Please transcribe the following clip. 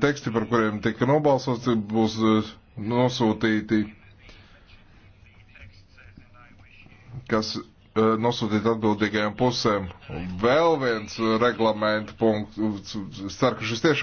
teksti, par kuriem tika nobalsots, būs e, nosūtīti, kas e, nosūtīt atbildīgajām pusēm. Vēl viens reglamenta punkts, ceru, ka šis tiešām.